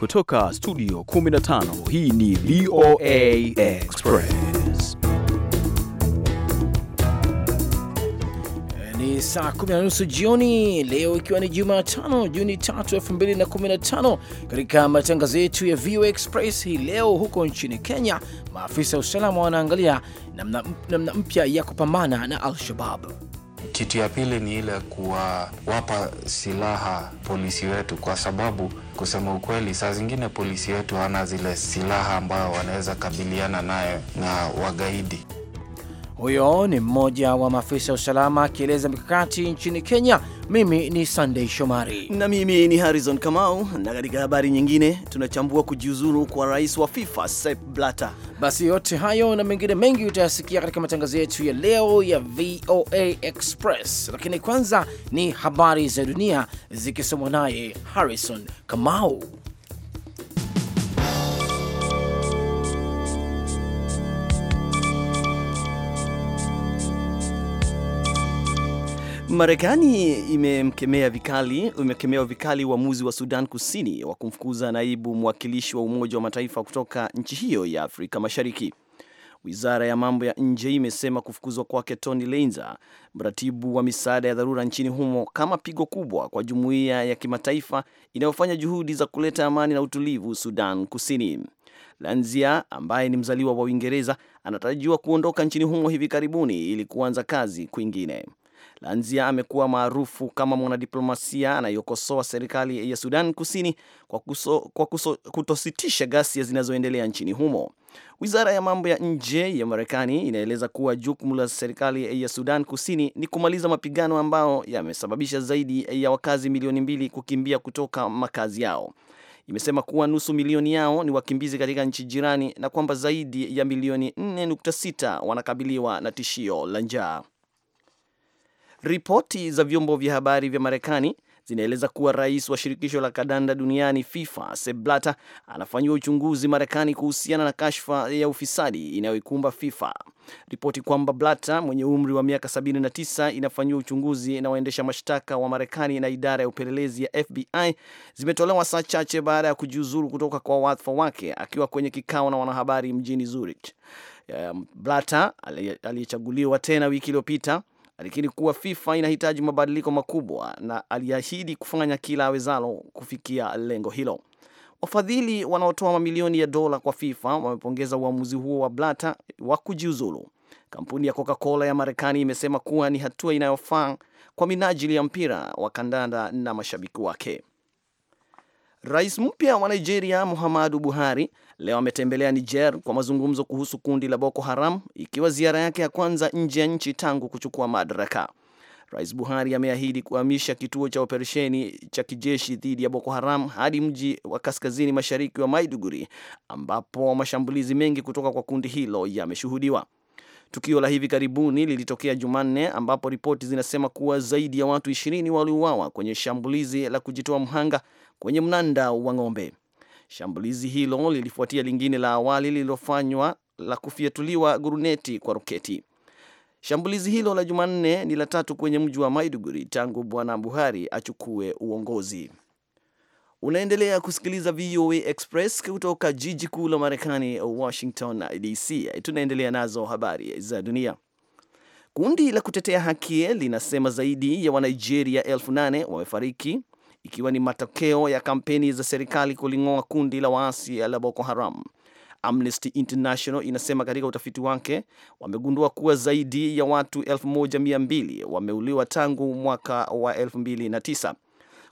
Kutoka studio 15 hii ni VOA Express. Ni saa kumi na nusu jioni leo, ikiwa ni Jumatano Juni tatu elfu Katika matangazo yetu ya VOA Express hii leo, huko nchini Kenya, maafisa wa usalama wanaangalia namna mpya ya kupambana na Al-Shabab. Kitu ya pili ni ile kuwawapa silaha polisi wetu, kwa sababu kusema ukweli, saa zingine polisi wetu hana zile silaha ambayo wanaweza kabiliana nayo na wagaidi. Huyo ni mmoja wa maafisa wa usalama akieleza mikakati nchini Kenya. Mimi ni sandey Shomari na mimi ni Harrison Kamau. Na katika habari nyingine, tunachambua kujiuzuru kwa rais wa FIFA Sepp Blatter. Basi yote hayo na mengine mengi utayasikia katika matangazo yetu ya leo ya VOA Express, lakini kwanza ni habari za dunia zikisomwa naye Harrison Kamau. Marekani imemkemea vikali imekemewa vikali uamuzi wa Sudan Kusini wa kumfukuza naibu mwakilishi wa Umoja wa Mataifa kutoka nchi hiyo ya Afrika Mashariki. Wizara ya mambo ya nje imesema kufukuzwa kwake Tony leinze mratibu wa misaada ya dharura nchini humo, kama pigo kubwa kwa jumuiya ya kimataifa inayofanya juhudi za kuleta amani na utulivu Sudan Kusini. Lanzia ambaye ni mzaliwa wa Uingereza anatarajiwa kuondoka nchini humo hivi karibuni ili kuanza kazi kwingine. Lanzia amekuwa maarufu kama mwanadiplomasia anayokosoa serikali ya Sudan Kusini kwa, kuso, kwa kuso, kutositisha ghasia zinazoendelea nchini humo. Wizara ya mambo ya nje ya Marekani inaeleza kuwa jukumu la serikali ya Sudan Kusini ni kumaliza mapigano ambayo yamesababisha zaidi ya wakazi milioni mbili kukimbia kutoka makazi yao. Imesema kuwa nusu milioni yao ni wakimbizi katika nchi jirani na kwamba zaidi ya milioni 4.6 wanakabiliwa na tishio la njaa. Ripoti za vyombo vya habari vya Marekani zinaeleza kuwa rais wa shirikisho la kadanda duniani FIFA Sepp Blatter anafanyiwa uchunguzi Marekani kuhusiana na kashfa ya ufisadi inayoikumba FIFA. Ripoti kwamba Blatter mwenye umri wa miaka 79 inafanyiwa uchunguzi na waendesha mashtaka wa Marekani na idara ya upelelezi ya FBI zimetolewa saa chache baada ya kujiuzuru kutoka kwa wadhifa wake akiwa kwenye kikao na wanahabari mjini Zurich. Um, Blatter aliyechaguliwa tena wiki iliyopita alikiri kuwa FIFA inahitaji mabadiliko makubwa na aliahidi kufanya kila awezalo kufikia lengo hilo. Wafadhili wanaotoa mamilioni ya dola kwa FIFA wamepongeza uamuzi huo wa Blata wa kujiuzulu. Kampuni ya Coca-Cola ya Marekani imesema kuwa ni hatua inayofaa kwa minajili ya mpira wa kandanda na mashabiki wake. Rais mpya wa Nigeria Muhammadu Buhari leo ametembelea Niger kwa mazungumzo kuhusu kundi la Boko Haram, ikiwa ziara yake ya kwanza nje ya nchi tangu kuchukua madaraka. Rais Buhari ameahidi kuhamisha kituo cha operesheni cha kijeshi dhidi ya Boko Haram hadi mji wa kaskazini mashariki wa Maiduguri, ambapo mashambulizi mengi kutoka kwa kundi hilo yameshuhudiwa. Tukio la hivi karibuni lilitokea Jumanne, ambapo ripoti zinasema kuwa zaidi ya watu ishirini waliuawa kwenye shambulizi la kujitoa mhanga kwenye mnanda wa ng'ombe. Shambulizi hilo lilifuatia lingine la awali lililofanywa la kufyatuliwa guruneti kwa roketi. Shambulizi hilo la Jumanne ni la tatu kwenye mji wa Maiduguri tangu Bwana Buhari achukue uongozi. Unaendelea kusikiliza VOA Express kutoka jiji kuu la Marekani, Washington DC. Tunaendelea nazo habari za dunia. Kundi la kutetea haki linasema zaidi ya Wanigeria elfu nane wamefariki ikiwa ni matokeo ya kampeni za serikali kuling'oa kundi la waasi la Boko Haram. Amnesty International inasema katika utafiti wake wamegundua kuwa zaidi ya watu 1200 wameuliwa tangu mwaka wa 2009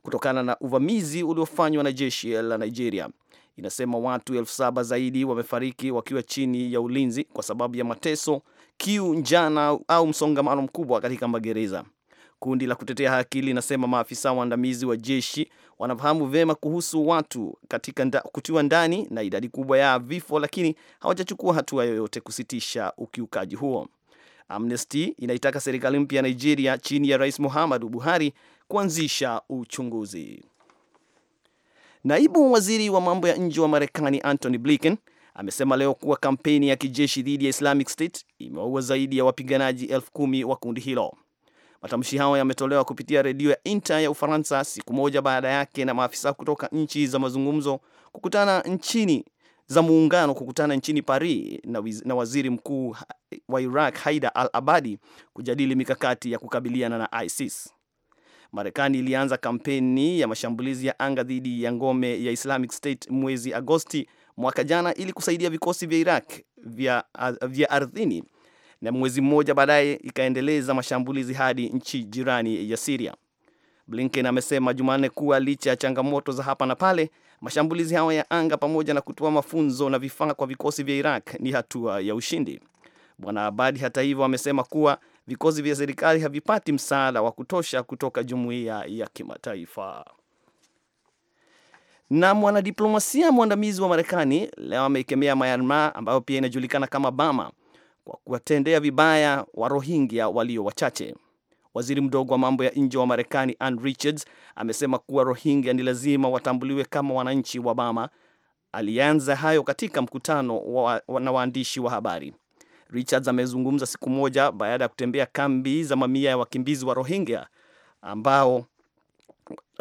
kutokana na uvamizi uliofanywa na jeshi la Nigeria. Inasema watu elfu zaidi wamefariki wakiwa chini ya ulinzi kwa sababu ya mateso, kiu, njana au msongamano mkubwa katika magereza. Kundi la kutetea haki linasema maafisa waandamizi wa jeshi wanafahamu vyema kuhusu watu katika nda, kutiwa ndani na idadi kubwa ya vifo, lakini hawajachukua hatua yoyote kusitisha ukiukaji huo. Amnesty inaitaka serikali mpya ya Nigeria chini ya Rais Muhammadu Buhari kuanzisha uchunguzi. Naibu waziri wa mambo ya nje wa Marekani Antony Blinken amesema leo kuwa kampeni ya kijeshi dhidi ya Islamic State imewaua zaidi ya wapiganaji elfu kumi wa kundi hilo. Matamshi hayo yametolewa kupitia redio ya Inter ya Ufaransa siku moja baada yake na maafisa kutoka nchi za mazungumzo kukutana nchini za muungano kukutana nchini Paris na, na waziri mkuu wa Iraq Haida al Abadi kujadili mikakati ya kukabiliana na ISIS. Marekani ilianza kampeni ya mashambulizi ya anga dhidi ya ngome ya Islamic State mwezi Agosti mwaka jana ili kusaidia vikosi vya Iraq vya, vya ardhini na mwezi mmoja baadaye ikaendeleza mashambulizi hadi nchi jirani ya Siria. Blinken amesema Jumanne kuwa licha ya changamoto za hapa na pale, mashambulizi hayo ya anga pamoja na kutoa mafunzo na vifaa kwa vikosi vya Iraq ni hatua ya ushindi. Bwana Abadi hata hivyo amesema kuwa vikosi vya serikali havipati msaada wa kutosha kutoka jumuiya ya kimataifa. Na mwanadiplomasia mwandamizi wa Marekani leo amekemea Myanmar ambayo pia inajulikana kama Burma kwa kuwatendea vibaya wa Rohingya walio wachache. Waziri mdogo wa mambo ya nje wa Marekani Ann Richards amesema kuwa Rohingya ni lazima watambuliwe kama wananchi wa bama Alianza hayo katika mkutano wa, wa, na waandishi wa habari. Richards amezungumza siku moja baada ya kutembea kambi za mamia ya wakimbizi wa Rohingya ambao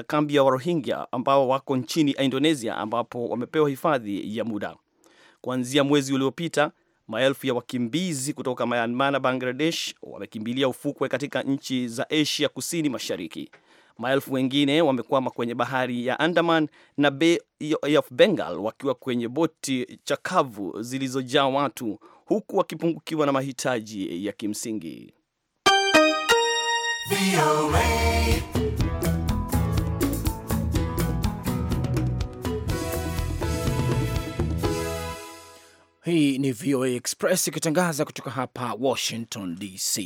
kambi ya Warohingya ambao wako nchini Indonesia ambapo wamepewa hifadhi ya muda. Kuanzia mwezi uliopita, Maelfu ya wakimbizi kutoka Myanmar na Bangladesh wamekimbilia ufukwe katika nchi za Asia kusini mashariki. Maelfu wengine wamekwama kwenye bahari ya Andaman na Bay of Bengal wakiwa kwenye boti chakavu zilizojaa watu huku wakipungukiwa na mahitaji ya kimsingi. Hii ni VOA Express ikitangaza kutoka hapa Washington DC.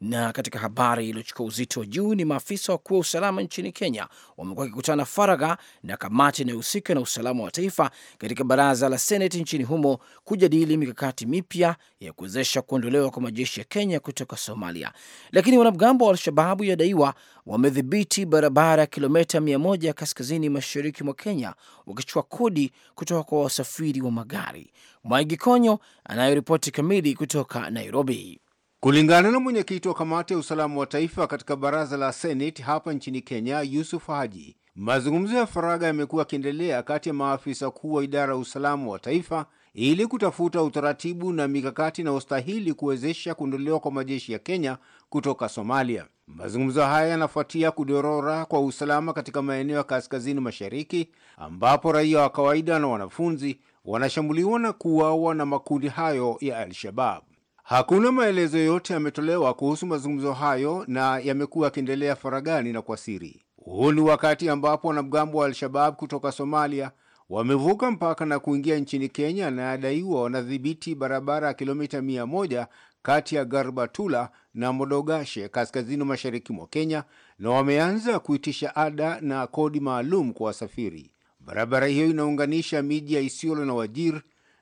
Na katika habari iliyochukua uzito wa juu ni maafisa wakuu wa usalama nchini Kenya wamekuwa wakikutana faragha na kamati inayohusika na usalama wa taifa katika baraza la Seneti nchini humo kujadili mikakati mipya ya kuwezesha kuondolewa kwa majeshi ya Kenya kutoka Somalia. Lakini wanamgambo wa Alshababu yadaiwa wamedhibiti barabara ya kilometa mia moja kaskazini mashariki mwa Kenya wakichukua kodi kutoka kwa wasafiri wa magari. Mwangi Konyo anayoripoti kamili kutoka Nairobi. Kulingana na mwenyekiti wa kamati ya usalama wa taifa katika baraza la Seneti hapa nchini Kenya, Yusuf Haji, mazungumzo ya faragha yamekuwa yakiendelea kati ya maafisa kuu wa idara ya usalama wa taifa ili kutafuta utaratibu na mikakati inayostahili kuwezesha kuondolewa kwa majeshi ya Kenya kutoka Somalia. Mazungumzo haya yanafuatia kudorora kwa usalama katika maeneo ya kaskazini mashariki, ambapo raia wa kawaida na wanafunzi wanashambuliwa na kuuawa na makundi hayo ya Al-Shabab. Hakuna maelezo yote yametolewa kuhusu mazungumzo hayo na yamekuwa yakiendelea faragani na kwa siri. Huu ni wakati ambapo wanamgambo wa Al-Shabab kutoka Somalia wamevuka mpaka na kuingia nchini Kenya na yadaiwa wanadhibiti barabara ya kilomita mia moja kati ya Garbatula na Modogashe kaskazini mashariki mwa Kenya, na wameanza kuitisha ada na kodi maalum kwa wasafiri. Barabara hiyo inaunganisha miji ya Isiolo na Wajir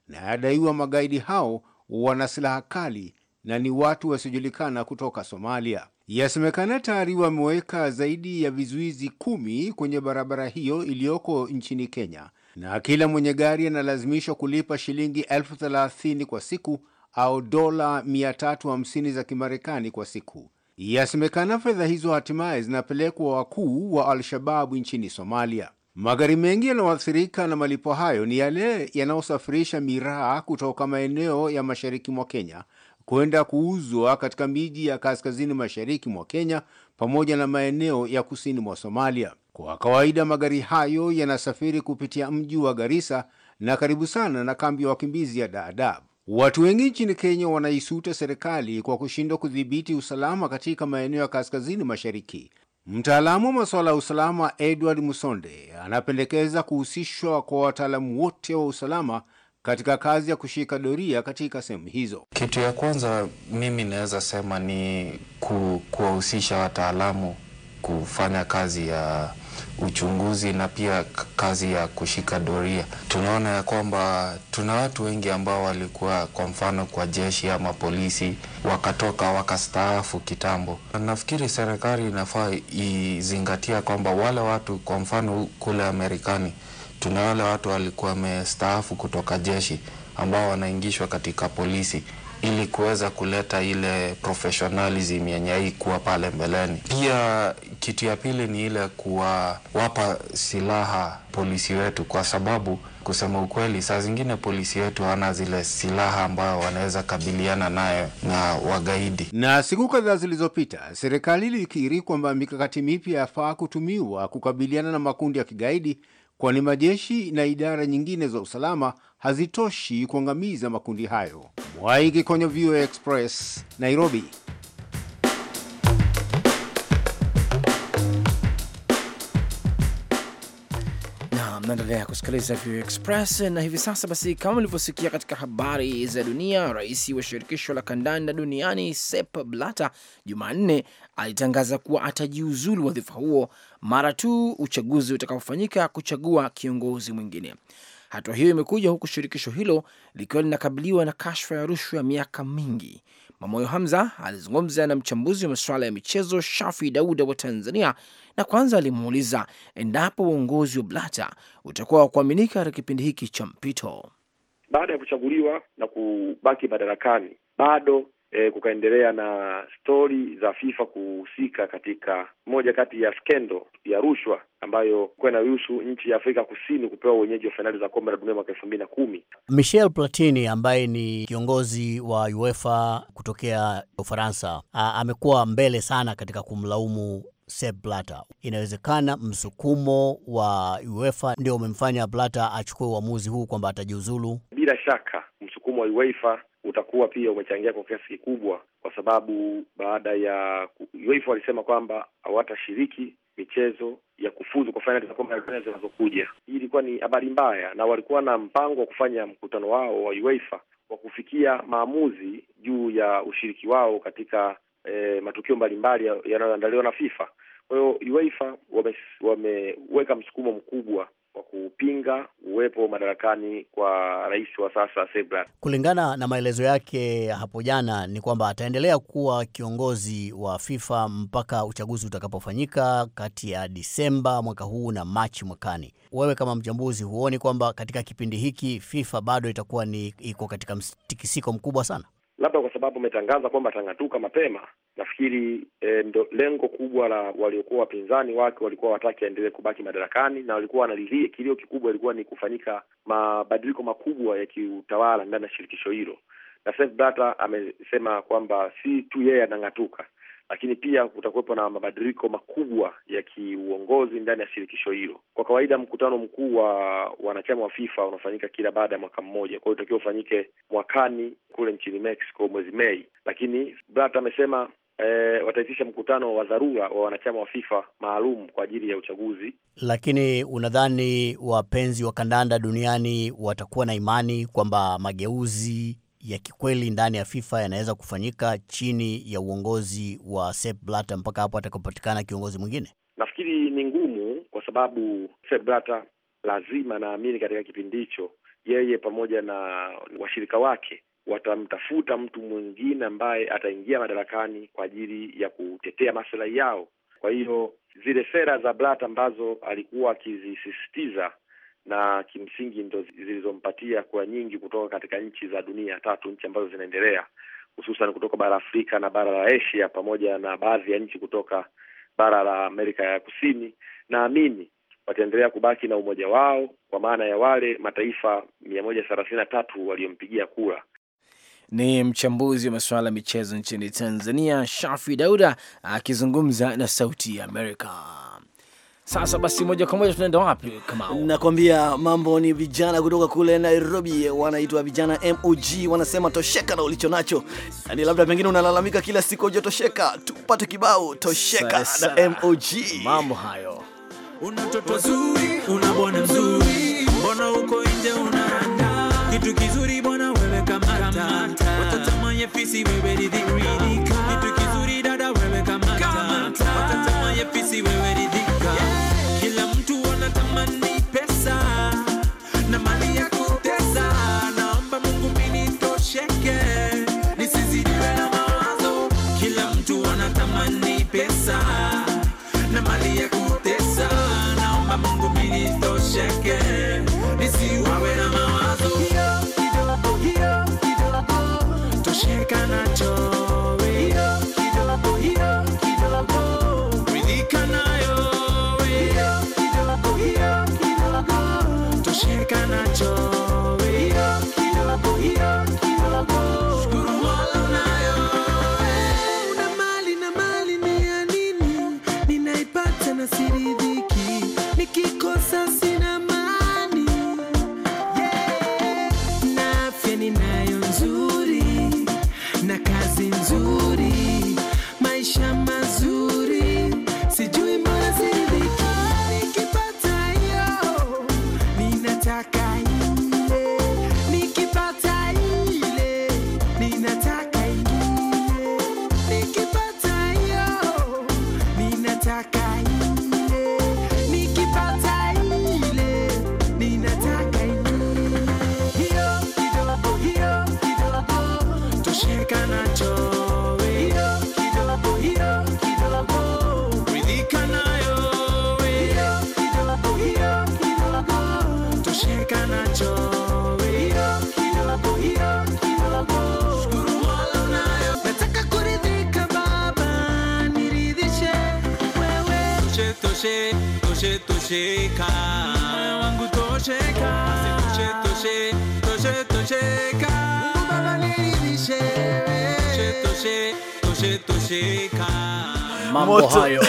na yadaiwa magaidi hao wana silaha kali na ni watu wasiojulikana kutoka Somalia. Yasemekana tayari wameweka zaidi ya vizuizi kumi kwenye barabara hiyo iliyoko nchini Kenya, na kila mwenye gari analazimishwa kulipa shilingi elfu thelathini kwa siku au dola 350 za Kimarekani kwa siku. Yasemekana fedha hizo hatimaye zinapelekwa wakuu wa Al-Shababu nchini Somalia. Magari mengi yanayoathirika na malipo hayo ni yale yanayosafirisha miraa kutoka maeneo ya mashariki mwa Kenya kwenda kuuzwa katika miji ya kaskazini mashariki mwa Kenya pamoja na maeneo ya kusini mwa Somalia. Kwa kawaida magari hayo yanasafiri kupitia mji wa Garissa na karibu sana na kambi ya wakimbizi ya Dadaab. Watu wengi nchini Kenya wanaisuta serikali kwa kushindwa kudhibiti usalama katika maeneo ya kaskazini mashariki Mtaalamu wa masuala ya usalama Edward Musonde anapendekeza kuhusishwa kwa wataalamu wote wa usalama katika kazi ya kushika doria katika sehemu hizo. Kitu ya kwanza mimi naweza sema ni ku, kuwahusisha wataalamu kufanya kazi ya uchunguzi na pia kazi ya kushika doria. Tunaona ya kwamba tuna watu wengi ambao walikuwa kwa mfano kwa jeshi ama polisi wakatoka wakastaafu kitambo. Nafikiri serikali inafaa izingatia kwamba wale watu kwa mfano kule Amerikani tuna wale watu walikuwa wamestaafu kutoka jeshi ambao wanaingishwa katika polisi ili kuweza kuleta ile professionalism yenye haikuwa pale mbeleni. Pia kitu ya pili ni ile kuwawapa silaha polisi wetu, kwa sababu kusema ukweli, saa zingine polisi wetu hawana zile silaha ambayo wanaweza kabiliana nayo na wagaidi. Na siku kadhaa zilizopita, serikali ilikiri kwamba mikakati mipya yafaa kutumiwa kukabiliana na makundi ya kigaidi, kwani majeshi na idara nyingine za usalama hazitoshi kuangamiza makundi hayo. Mwaigi kwenye VOA Express Nairobi. Na mnaendelea kusikiliza VOA Express na hivi sasa basi, kama mlivyosikia katika habari za dunia, rais wa shirikisho la kandanda duniani Sepp Blatter Jumanne alitangaza kuwa atajiuzulu wadhifa huo mara tu uchaguzi utakaofanyika kuchagua kiongozi mwingine. Hatua hiyo imekuja huku shirikisho hilo likiwa linakabiliwa na kashfa ya rushwa ya miaka mingi. Mamoyo Hamza alizungumza na mchambuzi wa masuala ya michezo Shafi Dauda wa Tanzania, na kwanza alimuuliza endapo uongozi wa Blata utakuwa wa kuaminika katika kipindi hiki cha mpito baada ya kuchaguliwa na kubaki madarakani bado E, kukaendelea na stori za FIFA kuhusika katika moja kati ya skendo ya rushwa ambayo kuwa inaruhusu nchi ya Afrika Kusini kupewa wenyeji wa fainali za kombe la dunia mwaka elfu mbili na kumi. Michel Platini ambaye ni kiongozi wa UEFA kutokea Ufaransa amekuwa mbele sana katika kumlaumu Sepp Blatter. Inawezekana msukumo wa UEFA ndio umemfanya Blatter achukue uamuzi huu kwamba atajiuzulu. Bila shaka msukumo wa UEFA utakuwa pia umechangia kwa kiasi kikubwa, kwa sababu baada ya UEFA walisema kwamba hawatashiriki michezo ya kufuzu kwa fainali za kombe la dunia zinazokuja. Hii ilikuwa ni habari mbaya, na walikuwa na mpango wa kufanya mkutano wao wa UEFA wa kufikia maamuzi juu ya ushiriki wao katika eh, matukio mbalimbali yanayoandaliwa na FIFA. Kwa hiyo UEFA wameweka msukumo mkubwa kwa kupinga uwepo madarakani kwa rais wa sasa Sebra. Kulingana na maelezo yake hapo jana, ni kwamba ataendelea kuwa kiongozi wa FIFA mpaka uchaguzi utakapofanyika kati ya Disemba mwaka huu na Machi mwakani. Wewe kama mchambuzi, huoni kwamba katika kipindi hiki FIFA bado itakuwa ni iko katika mtikisiko mkubwa sana? labda kwa sababu ametangaza kwamba atang'atuka mapema. Nafikiri e, ndo lengo kubwa la waliokuwa wapinzani wake, walikuwa wataki aendelee kubaki madarakani, na walikuwa wanalilia kilio kikubwa ilikuwa ni kufanyika mabadiliko makubwa ya kiutawala ndani ya shirikisho hilo, na Sepp Blatter amesema kwamba si tu yeye anang'atuka, lakini pia kutakuwepo na mabadiliko makubwa ya kiuongozi ndani ya shirikisho hilo. Kwa kawaida mkutano mkuu wa wanachama wa FIFA unafanyika kila baada ya mwaka mmoja, kwa hiyo utakiwa ufanyike mwakani kule nchini Mexico mwezi Mei, lakini Blatter amesema E, wataitisha mkutano wa dharura wa wanachama wa FIFA maalum kwa ajili ya uchaguzi. Lakini unadhani wapenzi wa kandanda duniani watakuwa na imani kwamba mageuzi ya kikweli ndani ya FIFA yanaweza kufanyika chini ya uongozi wa Sepp Blatter mpaka hapo atakapopatikana kiongozi mwingine? Nafikiri ni ngumu, kwa sababu Sepp Blatter lazima, naamini katika kipindi hicho, yeye pamoja na washirika wake watamtafuta mtu mwingine ambaye ataingia madarakani kwa ajili ya kutetea maslahi yao. Kwa hiyo zile sera za Blatter ambazo alikuwa akizisisitiza na kimsingi ndo zilizompatia kura nyingi kutoka katika nchi za dunia tatu, nchi ambazo zinaendelea hususan kutoka bara Afrika na bara la Asia pamoja na baadhi ya nchi kutoka bara la Amerika ya Kusini. Naamini wataendelea kubaki na umoja wao kwa maana ya wale mataifa mia moja thelathini na tatu waliompigia kura. Ni mchambuzi wa masuala ya michezo nchini Tanzania, Shafi Dauda akizungumza na Sauti ya Amerika. Sasa basi, moja kwa moja tunaenda wapi? Kama nakwambia, mambo ni vijana kutoka kule Nairobi, wanaitwa vijana MOG, wanasema tosheka na ulicho nacho. Yani labda pengine unalalamika kila siku ujotosheka, tupate kibao tosheka Sasa na MOG. Mambo hayo, una mtoto mzuri, una bwana mzuri, mbona uko nje unaranda kitu kizuri bwana, wewe kamata watatamanye fisi wewe ridhika, kitu kizuri dada, wewe kamata watatamanye fisi wewe pesa na mali ya kutesa, naomba Mungu minitosheke nisiwawe na mawazo tosheka nacho hiyo kidogo, hiyo kidogo tosheka, moyo wangu tosheka, toshe toshe toshe tosheka, Baba toshe toshe tosheka mambo moto. Hayo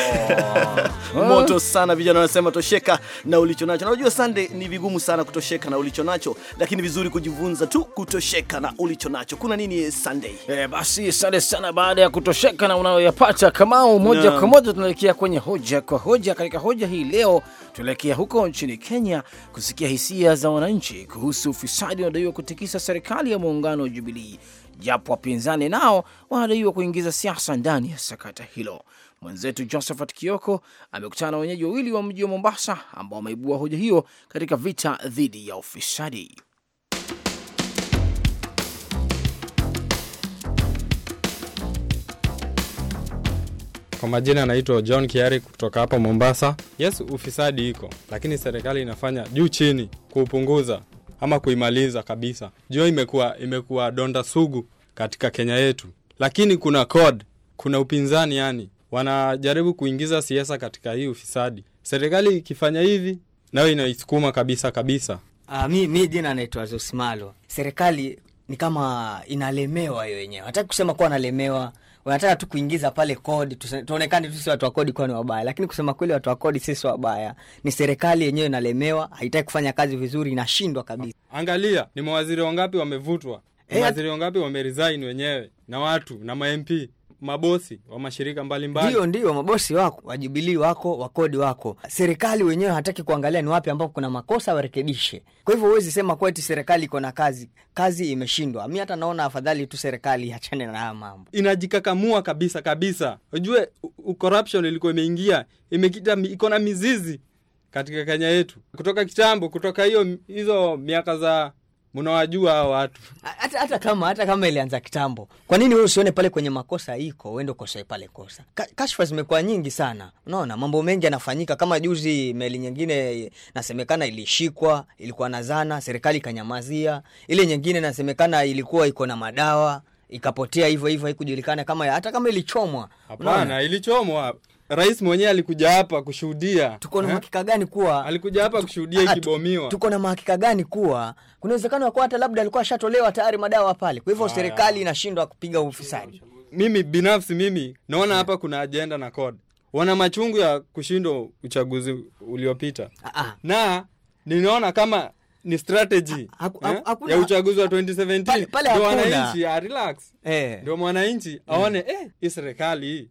moto sana, vijana wanasema tosheka na ulichonacho. Na unajua sande ni vigumu sana kutosheka na ulichonacho, lakini vizuri kujifunza tu kutosheka na ulichonacho. Kuna nini sande Eh, basi sande sana. Baada ya kutosheka na unayoyapata, kamao moja kwa moja tunaelekea kwenye hoja kwa hoja. Katika hoja hii leo Tuelekea huko nchini Kenya kusikia hisia za wananchi kuhusu ufisadi unaodaiwa kutikisa serikali ya muungano wa Jubilii, japo wapinzani nao wanadaiwa kuingiza siasa ndani ya sakata hilo. Mwenzetu Josephat Kioko amekutana na wenyeji wawili wa mji wa Mombasa ambao wameibua hoja hiyo katika vita dhidi ya ufisadi. Kwa majina anaitwa John Kiari kutoka hapa Mombasa. Yes, ufisadi iko, lakini serikali inafanya juu chini kuupunguza ama kuimaliza kabisa. Jua imekuwa imekuwa donda sugu katika Kenya yetu, lakini kuna code, kuna upinzani, yani wanajaribu kuingiza siasa katika hii ufisadi. Serikali ikifanya hivi, nayo inaisukuma kabisa kabisa. Uh, mi, mi jina naitwa Zosmalo. Serikali ni kama inalemewa hiyo yenyewe, hataki kusema kuwa analemewa wanataka tu kuingiza pale kodi, tuonekane tu si watu wa kodi kuwa ni wabaya, lakini kusema kweli, watu wa kodi sisi wabaya. Ni serikali yenyewe inalemewa, haitaki kufanya kazi vizuri, inashindwa kabisa. Angalia ni mawaziri wangapi wamevutwa, eh, mawaziri wangapi wameresign wenyewe na watu na mamp mabosi wa mashirika mbalimbali. Ndio, ndio mabosi wako wajubilii wako wakodi wako. Serikali wenyewe hataki kuangalia ni wapi ambapo kuna makosa warekebishe. Kwa hivyo huwezi sema kweti serikali iko na kazi, kazi imeshindwa. Mi hata naona afadhali tu serikali achane na haya mambo, inajikakamua kabisa kabisa. Ujue corruption ilikuwa imeingia imekita, iko na mizizi katika Kenya yetu kutoka kitambo, kutoka hiyo hizo miaka za Mnawajua hao watu hata, hata kama hata kama ilianza kitambo, kwa nini wewe usione pale kwenye makosa iko uende ukosoe pale kosa? Kashfa zimekuwa nyingi sana, unaona mambo mengi yanafanyika. Kama juzi meli nyingine nasemekana ilishikwa ilikuwa na zana, serikali ikanyamazia. Ile nyingine nasemekana ilikuwa iko na madawa ikapotea hivyo hivyo, haikujulikana kama hata kama ilichomwa. Hapana, ilichomwa rais mwenyewe alikuja hapa kushuhudia. Tuko na eh? uhakika gani kuwa alikuja hapa kushuhudia ah, ikibomiwa? Tuko na uhakika gani kuwa kuna uwezekano wa kuwa hata labda alikuwa ashatolewa tayari madawa pale, kwa hivyo serikali inashindwa kupiga ufisadi. Mimi binafsi mimi naona hapa kuna ajenda na code, wana machungu ya kushindwa uchaguzi uliopita, ah, ah. na ninaona kama ni strategy ha, ha, ha, eh? ha, ya uchaguzi wa 2017 ndio wananchi ah, relax eh. ndio mwananchi aone eh, eh hii serikali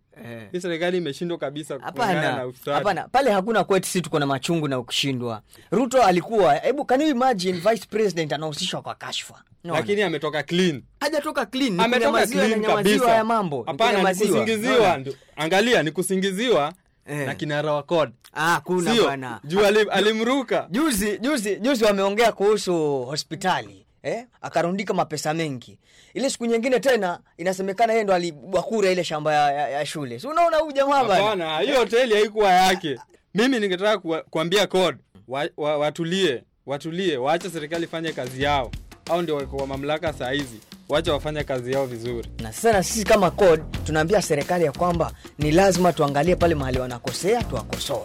hii serikali imeshindwa kabisa hapana hapana pale hakuna kwetu si tuko na machungu na kushindwa ruto alikuwa hebu can you imagine vice president anahusishwa kwa kashfa no, lakini ametoka clean hajatoka clean ni ametoka clean kabisa ya mambo hapana ni kusingiziwa angalia ni kusingiziwa Eh. na kinara wa Ah, kuna bwana. Juu alimruka. Juzi juzi juzi wameongea kuhusu hospitali. Eh, akarundika mapesa mengi. Ile siku nyingine tena inasemekana yeye ndo alibakura ile shamba ya, ya, ya shule. Si unaona huyu jamaa hiyo hoteli haikuwa yake. Mimi ningetaka ku, kuambia kod wa, wa, watulie, watulie, waache serikali fanye kazi yao. au ndio wa mamlaka saa hizi wacha wafanya kazi yao vizuri. Na sasa na sisi kama kod tunaambia serikali ya kwamba ni lazima tuangalie pale mahali wanakosea tuwakosoe.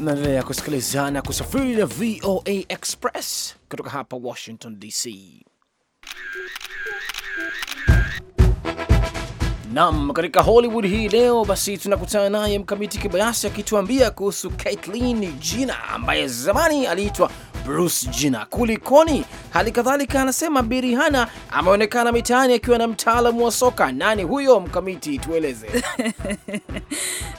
Naendelea kusikilizana kusafiri na VOA Express kutoka hapa Washington DC. Nam, katika Hollywood hii leo basi tunakutana naye Mkamiti Kibayasi akituambia kuhusu Caitlyn Jenner ambaye zamani aliitwa Bruce Jenner, kulikoni? Hali kadhalika anasema Birihana ameonekana mitaani akiwa na mtaalamu wa soka. Nani huyo mkamiti, tueleze.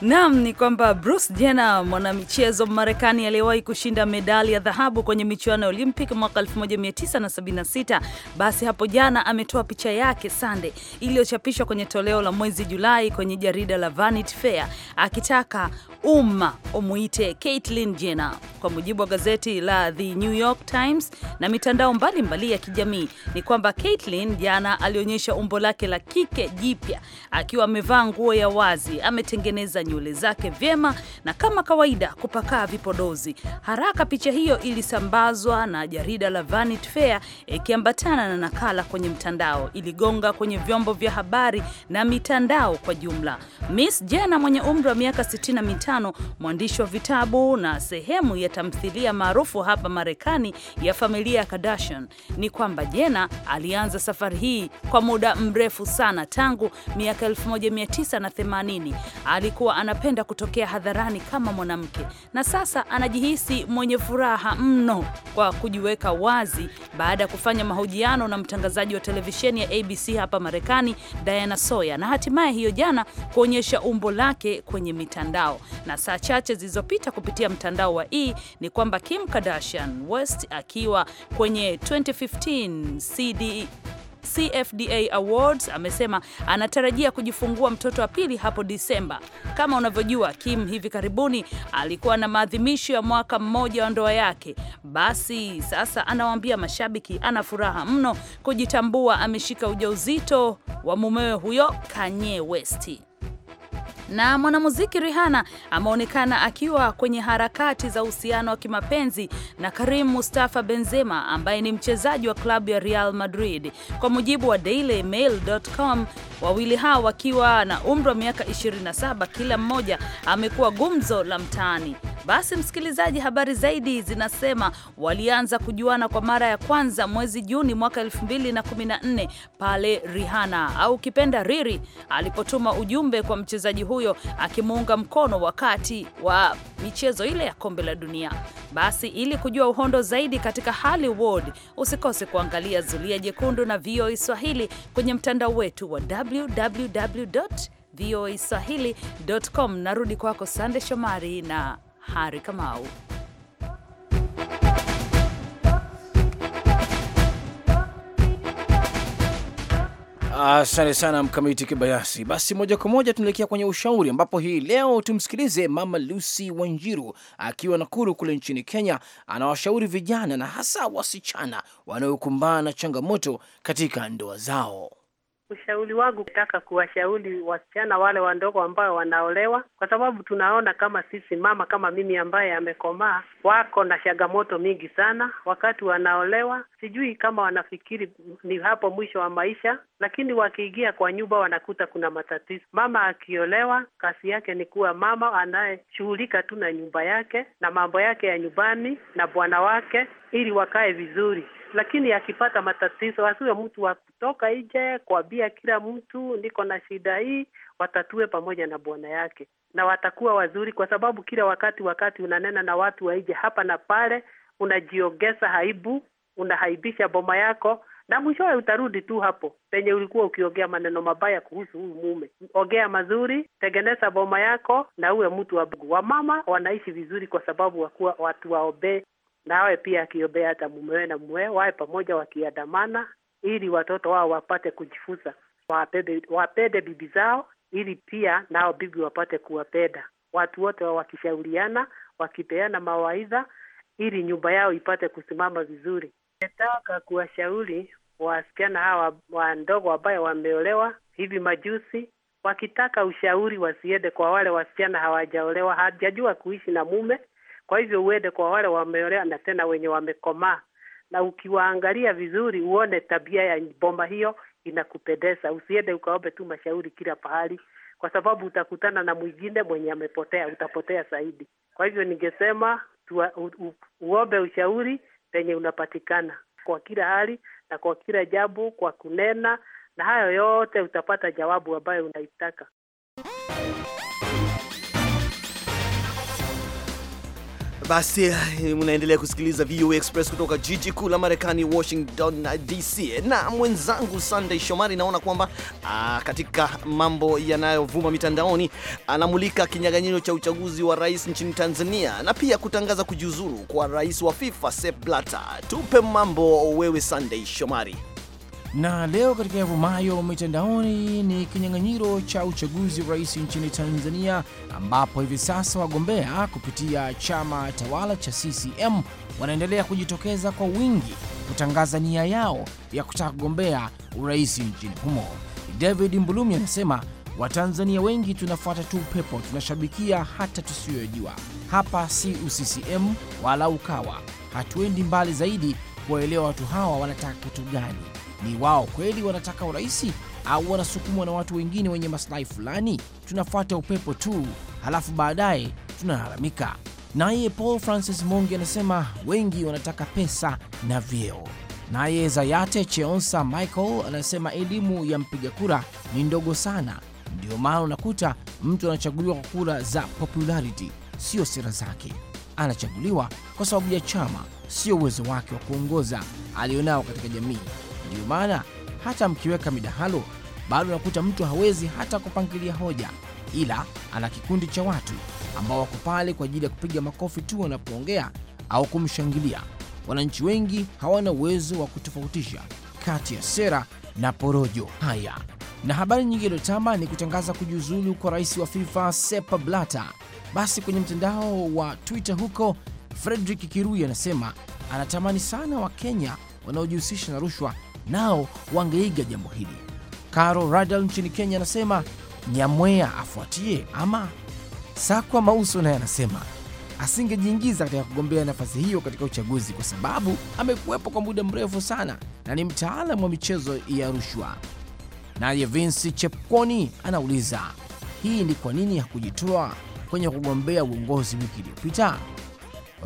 Naam, ni kwamba Bruce Jenner, mwanamichezo Marekani aliyewahi kushinda medali ya dhahabu kwenye michuano ya Olympic mwaka 1976, basi hapo jana ametoa picha yake sande iliyochapishwa kwenye toleo la mwezi Julai kwenye jarida la Vanity Fair akitaka umma umuite Caitlyn Jenner. Kwa mujibu wa gazeti la The New York Times na mitandao mbalimbali ya kijamii ni kwamba Caitlyn jana alionyesha umbo lake la kike jipya akiwa amevaa nguo ya wazi, ametengeneza nywele zake vyema na kama kawaida kupakaa vipodozi. Haraka picha hiyo ilisambazwa na jarida la Vanity Fair ikiambatana na nakala kwenye mtandao, iligonga kwenye vyombo vya habari na mitandao kwa jumla. Miss Jenna mwenye umri wa miaka 65, mwandishi wa vitabu na sehemu ya tamthilia maarufu hapa Marekani ya familia ya Kardashian ni kwamba Jenner alianza safari hii kwa muda mrefu sana, tangu miaka 1980 alikuwa anapenda kutokea hadharani kama mwanamke, na sasa anajihisi mwenye furaha mno kwa kujiweka wazi baada ya kufanya mahojiano na mtangazaji wa televisheni ya ABC hapa Marekani, Diana Sawyer, na hatimaye hiyo jana kuonyesha umbo lake kwenye mitandao. Na saa chache zilizopita kupitia mtandao wa E ni kwamba Kim Kardashian West akiwa kwenye 2015 CD CFDA Awards amesema anatarajia kujifungua mtoto wa pili hapo Disemba. Kama unavyojua, Kim hivi karibuni alikuwa na maadhimisho ya mwaka mmoja wa ndoa yake. Basi sasa anawaambia mashabiki ana furaha mno kujitambua ameshika ujauzito wa mumewe huyo Kanye West. Na mwanamuziki Rihanna ameonekana akiwa kwenye harakati za uhusiano wa kimapenzi na Karim Mustafa Benzema ambaye ni mchezaji wa klabu ya Real Madrid. Kwa mujibu wa dailymail.com, wawili hao wakiwa na umri wa miaka 27 kila mmoja amekuwa gumzo la mtaani. Basi msikilizaji, habari zaidi zinasema walianza kujuana kwa mara ya kwanza mwezi Juni mwaka 2014 pale Rihanna au kipenda Riri alipotuma ujumbe kwa mchezaji huyo akimuunga mkono wakati wa michezo ile ya kombe la dunia. Basi ili kujua uhondo zaidi katika Hollywood, usikose kuangalia Zulia Jekundu na VOA Swahili kwenye mtandao wetu wa www voaswahili.com. Narudi kwako Sande Shomari na Harry Kamau. Asante sana Mkamiti Kibayasi. Basi moja kwa moja tunaelekea kwenye ushauri, ambapo hii leo tumsikilize Mama Lucy Wanjiru akiwa Nakuru kule nchini Kenya. Anawashauri vijana na hasa wasichana wanaokumbana na changamoto katika ndoa zao. Ushauri wangu kutaka kuwashauri wasichana wale wandogo ambao wanaolewa, kwa sababu tunaona kama sisi mama kama mimi ambaye amekomaa, wako na changamoto mingi sana wakati wanaolewa. Sijui kama wanafikiri ni hapo mwisho wa maisha, lakini wakiingia kwa nyumba wanakuta kuna matatizo. Mama akiolewa, kazi yake ni kuwa mama anayeshughulika tu na nyumba yake na mambo yake ya nyumbani na bwana wake, ili wakae vizuri lakini akipata matatizo asiwe mtu wa kutoka nje kuambia kila mtu niko na shida hii, watatue pamoja na bwana yake na watakuwa wazuri, kwa sababu kila wakati wakati unanena na watu wa nje hapa na pale, unajiongeza haibu, unahaibisha boma yako na mwishowe utarudi tu hapo penye ulikuwa ukiongea maneno mabaya kuhusu huyu mume. Ongea mazuri, tengeneza boma yako na uwe mtu wa. Wamama wanaishi vizuri kwa sababu wakuwa watu waobee na awe pia akiombea hata mumewe na mumewe wawe pamoja wakiandamana, ili watoto wao wapate kujifunza, wapende, wapende bibi zao, ili pia nao bibi wapate kuwapenda. Watu wote wa wakishauriana, wakipeana mawaidha, ili nyumba yao ipate kusimama vizuri. Nataka kuwashauri wasichana hawa wandogo ambaye wameolewa hivi majuzi, wakitaka ushauri wasiende kwa wale wasichana hawajaolewa, hajajua kuishi na mume kwa hivyo uende kwa wale wameolea na tena wenye wamekomaa, na ukiwaangalia vizuri uone tabia ya bomba hiyo inakupendeza. Usiende ukaombe tu mashauri kila pahali, kwa sababu utakutana na mwingine mwenye amepotea, utapotea zaidi. Kwa hivyo ningesema u, u, uombe ushauri penye unapatikana kwa kila hali na kwa kila jambo, kwa kunena, na hayo yote utapata jawabu ambayo unaitaka. Basi unaendelea eh, kusikiliza VOA Express kutoka jiji kuu la Marekani, Washington DC, na mwenzangu Sunday Shomari. Naona kwamba ah, katika mambo yanayovuma mitandaoni anamulika kinyaganyiro cha uchaguzi wa rais nchini Tanzania na pia kutangaza kujiuzuru kwa rais wa FIFA Sepp Blatter. Tupe mambo wewe, Sunday Shomari. Na leo katika yavumayo mitandaoni ni kinyang'anyiro cha uchaguzi wa rais nchini Tanzania, ambapo hivi sasa wagombea kupitia chama tawala cha CCM wanaendelea kujitokeza kwa wingi kutangaza nia yao ya kutaka kugombea urais nchini humo. David Mbulumi anasema Watanzania wengi tunafuata tu upepo, tunashabikia hata tusiyojua. Hapa si UCCM wala UKAWA, hatuendi mbali zaidi kuwaelewa watu hawa wanataka kitu gani. Ni wao kweli wanataka uraisi au wanasukumwa na watu wengine wenye maslahi fulani? Tunafuata upepo tu, halafu baadaye tunalalamika. Naye Paul Francis Mongi anasema wengi wanataka pesa na vyeo. Naye Zayate Cheonsa Michael anasema elimu ya mpiga kura ni ndogo sana, ndiyo maana unakuta mtu anachaguliwa kwa kura za popularity, sio sera zake. Anachaguliwa kwa sababu ya chama, sio uwezo wake wa kuongoza alionao katika jamii. Ndiyo maana hata mkiweka midahalo, bado nakuta mtu hawezi hata kupangilia hoja, ila ana kikundi cha watu ambao wako pale kwa ajili ya kupiga makofi tu wanapoongea au kumshangilia. Wananchi wengi hawana uwezo wa kutofautisha kati ya sera na porojo. Haya, na habari nyingine iliyotamba ni kutangaza kujiuzulu kwa rais wa FIFA Sepa Blata. Basi kwenye mtandao wa Twitter huko, Frederick Kirui anasema anatamani sana Wakenya wanaojihusisha na rushwa nao wangeiga jambo hili. Caro Radal nchini Kenya anasema Nyamwea afuatie ama Sakwa Mauso naye anasema asingejiingiza katika kugombea nafasi hiyo katika uchaguzi kwa sababu amekuwepo kwa muda mrefu sana na ni mtaalamu wa michezo ya rushwa. Naye vinsi Chepkoni anauliza hii ni kwa nini hakujitoa kwenye kugombea uongozi wiki iliyopita?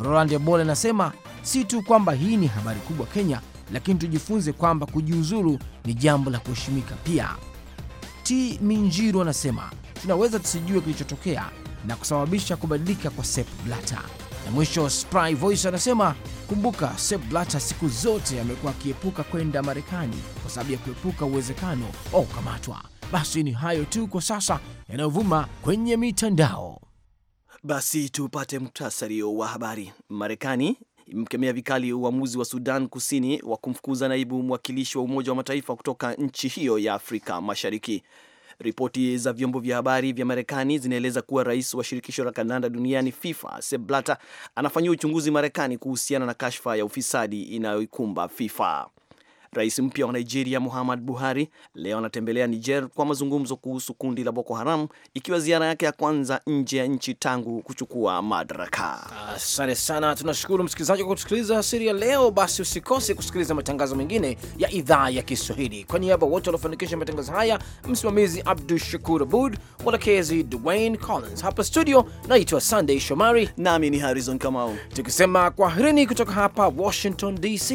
Roland Ebole anasema si tu kwamba hii ni habari kubwa Kenya, lakini tujifunze kwamba kujiuzulu ni jambo la kuheshimika pia. T Minjiru anasema tunaweza tusijue kilichotokea na kusababisha kubadilika kwa Sepp Blatter. Na mwisho Spry Voice anasema kumbuka, Sepp Blatter siku zote amekuwa akiepuka kwenda Marekani kwa sababu ya kuepuka uwezekano wa kukamatwa. Basi ni hayo tu kwa sasa yanayovuma kwenye mitandao. Basi tupate mktasari wa habari. Marekani imemkemea vikali uamuzi wa Sudan Kusini wa kumfukuza naibu mwakilishi wa Umoja wa Mataifa kutoka nchi hiyo ya Afrika Mashariki. Ripoti za vyombo vya habari vya Marekani zinaeleza kuwa rais wa shirikisho la kandanda duniani FIFA Sepp Blatter anafanyia uchunguzi Marekani kuhusiana na kashfa ya ufisadi inayoikumba FIFA. Rais mpya wa Nigeria Muhammad Buhari leo anatembelea Niger kwa mazungumzo kuhusu kundi la Boko Haram, ikiwa ziara yake ya kwanza nje ya nchi tangu kuchukua madaraka. Asante sana, tunashukuru msikilizaji kwa kusikiliza asiri ya leo. Basi usikose kusikiliza matangazo mengine ya idhaa ya Kiswahili. Kwa niaba wote waliofanikisha matangazo haya, msimamizi Abdu Shakur Abud, mwelekezi Dwayne Collins, hapa studio naitwa Sunday Shomari nami ni Harrison Kamau, tukisema kwaherini kutoka hapa Washington DC.